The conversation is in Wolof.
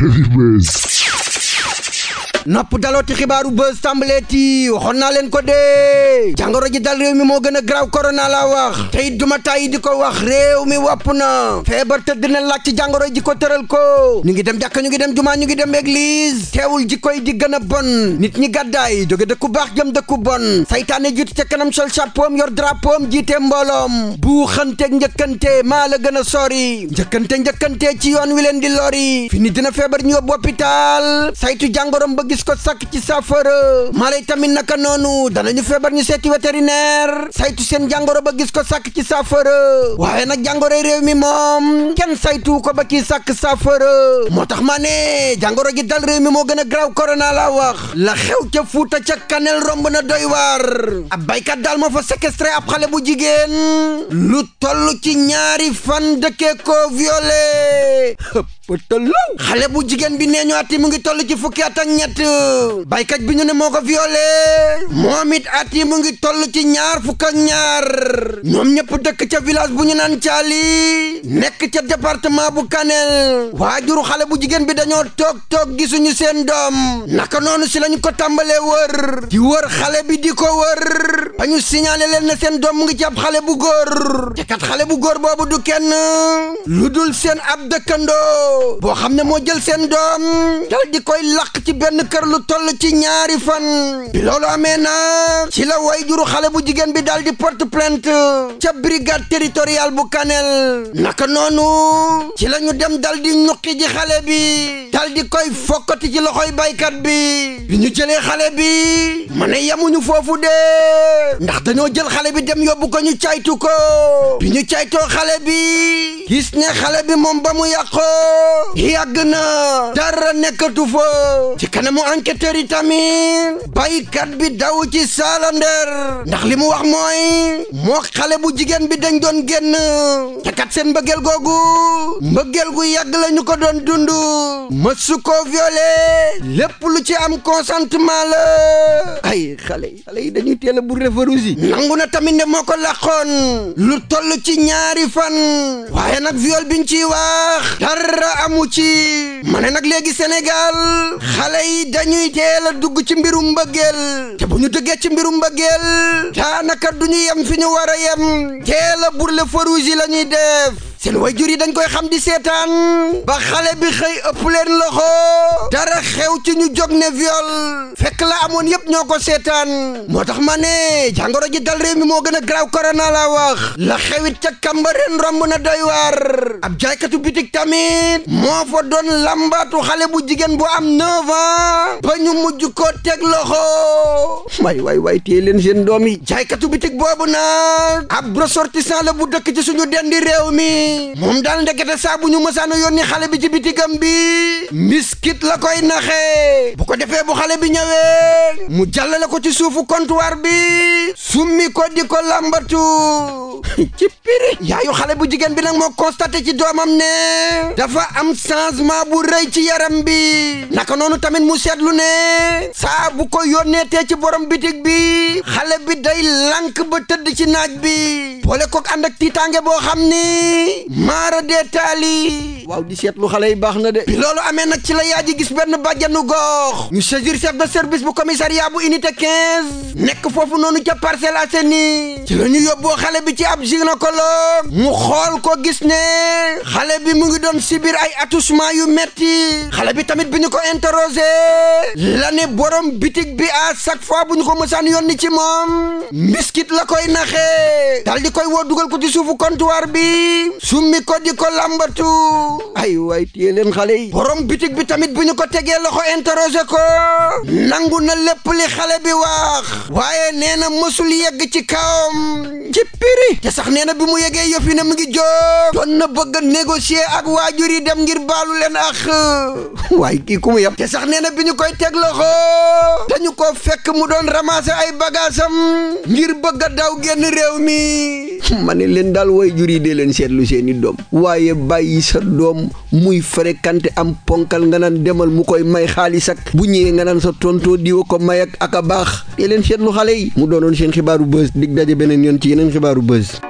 Heavy Mess. nopp dalooti xibaaru buzz tàmbaleeti waxoon naa leen ko dee jangoro ji dal réew mi moo gën a graw korona la wax te it duma tàyyi di ko wax réew mi wopp na feebar tëdd na ci jàngoro ji ko tëral ko ñu ngi dem jàkka ñu ngi dem jumaa ñu ngi dem église teewul ji koy di gën a bon nit ñi gàddaay jóge dëkku baax jëm dëkku bon saytaane ji ca kanam sol chapeau yor drapeau jiite mbooloom buuxanteeg njëkkante maa la gën a sori njëkkante njëkkante ci yoon wi leen di lori fi dina feebar ñu yóbbu hôpital saytu jàngoro bëgg gis ko sàkk ci saafara mala tamit naka noonu danañu feebar ñu seeti vétérinaire saytu seen jàngoro ba gis ko sakk ci saafara waaye nag jàngoro réew mi moom kenn saytu ko ba ci sàkk saafara moo tax ma ne jàngoro ji dal réew mi moo gën a graw korona la wax la xew ca Fuuta ca Kanel romb na doy waar ab baykat daal moo fa séquestré ab xale bu jigéen lu toll ci ñaari fan dëkkee ko violé pëtël xale bu jigéen bi nee ñu ati mu ngi toll ci fukki at ak ñett baykat bi ñu ne moo ko violé moom it ati mu ngi toll ci ñaar fukk ak ñaar ñoom ñëpp dëkk ca village bu ñu naan caali nekk ca département bu Kanel waajuru xale bu jigéen bi dañoo toog toog gisuñu seen doom naka noonu si lañu ko tàmbalee wër di wër xale bi di ko wër ba ñu signalé seen doom mu ngi ci xale bu góor te xale bu góor boobu du kenn lu dul seen ab dëkkandoo boo xam ne moo jël seen doom dal di koy làq ci benn kër lu toll ci ñaari fan bi loolu amee na ci la way juru xale bu jigéen bi dal di porte plainte ca brigade territoriale bu Kanel naka noonu ci la ñu dem dal di ñuqi xale bi dal di koy fokkati ci loxoy baykat bi bi ñu jëlee xale bi mane ne yamuñu foofu de ndax dañoo jël xale bi dem yóbbu ko ñu caytu ko bi ñu caytoo xale bi gis ne xale bi moom ba mu yàqoo yàgg na dara nekkatu fa ci kanamu enquêteurs yi tamit baykat bi daw ci salander ndax li mu wax mooy moo xale bu jigéen bi dañ doon génn te kat ba gel googu mbëggeel gu yàgg la ñu ko doon dund mësu ko violé lépp lu ci am consentement la ay xale yi xale yi dañuy teel a bu référence nangu na tamit ne moo ko làqoon lu toll ci ñaari fan waaye nag viol biñ wax dara amu ci ma ne nag léegi Sénégal xale dañuy teel a dugg ci mbirum mbëggeel te bu ñu ci mbirum mbëggeel daanaka du ñu yem fi ñu war a yem teel a burle farouge yi la ñuy def seen wayjur yi dañ koy xam di seetaan ba xale bi xëy ëpp leen loxo dara xew ci ñu jóg ne viol fekk la amoon yëpp ñoo ko seetaan moo tax ma ne jàngoro ji dal réew mi moo gën a graw korona la wax la xewit ca Cambérène romb na doy waar ab jaaykatu bitik tamit moo fa doon lambaatu xale bu jigéen bu am 9 ans ba ñu mujj koo teg loxo way way way téye leen seen doom yi jaaykatu bitik boobu na ab ressortissant la bu dëkk ci suñu dendi réew mi moom daal ndekete saa bu ñu mësaan a yónni xale bi ci bitigam bi mbiskit la koy naxee bu ko defee bu xale bi ñëwee mu jàllale ko ci suufu comptoir bi summi ko di ko làmbatu ci piri yaayu xale bu jigéen bi nag moo constaté ci doomam ne dafa am changement bu rëy ci yaram bi naka noonu tamit mu seetlu ne saa bu ko yónneetee ci borom bitig bi xale bi day lank ba tëdd ci naaj bi boole ko ànd ak tiitaange boo xam ni maara dee taali waaw di seetlu xale yi baax na de bi loolu amee nag ci la yaa ji gis benn bàjjanu gox ñu saisir chef de service bu commissariat bu unité 15 nekk foofu noonu ca Parcelles Assainies ci la ñu yóbboo xale bi ci ab gynécologue mu xool ko gis ne xale bi mu ngi doon sibir ay attouchement yu metti xale bi tamit bi ñu ko interrogé la ne borom bitig bi a chaque fois bu ñu ko yoon yónni ci moom mbiskit la koy naxee dal di koy woo dugal ko ci suufu comptoir bi summi ko ay waay téye leen xale yi borom bitig bi tamit bu ñu ko tegee loxo interrogé ko nangu na lépp li xale bi wax waaye nee na mësul yegg ci kawam ci piri te sax nee na bi mu yegee yëf yi ne mu ngi jóg doon na bëgg a ak waajur yi dem ngir baalu leen ak waaye kii ku mu yem te sax nee na bi ñu koy teg loxo dañu ko fekk mu doon ramasser ay bagaasam ngir bëgg a daw génn réew mi ma ne leen daal way jur yi dee leen seetlu seeni doom waaye bàyyi sa doom muy fréquenté am ponkal nga naan demal mu koy may xaalis ak bu ñëwee nga naan sa tontoo diwa ko may ak ak a baax dee leen seetlu xale yi mu doonoon seen xibaaru buzz dig daje beneen yoon ci yeneen xibaaru buzz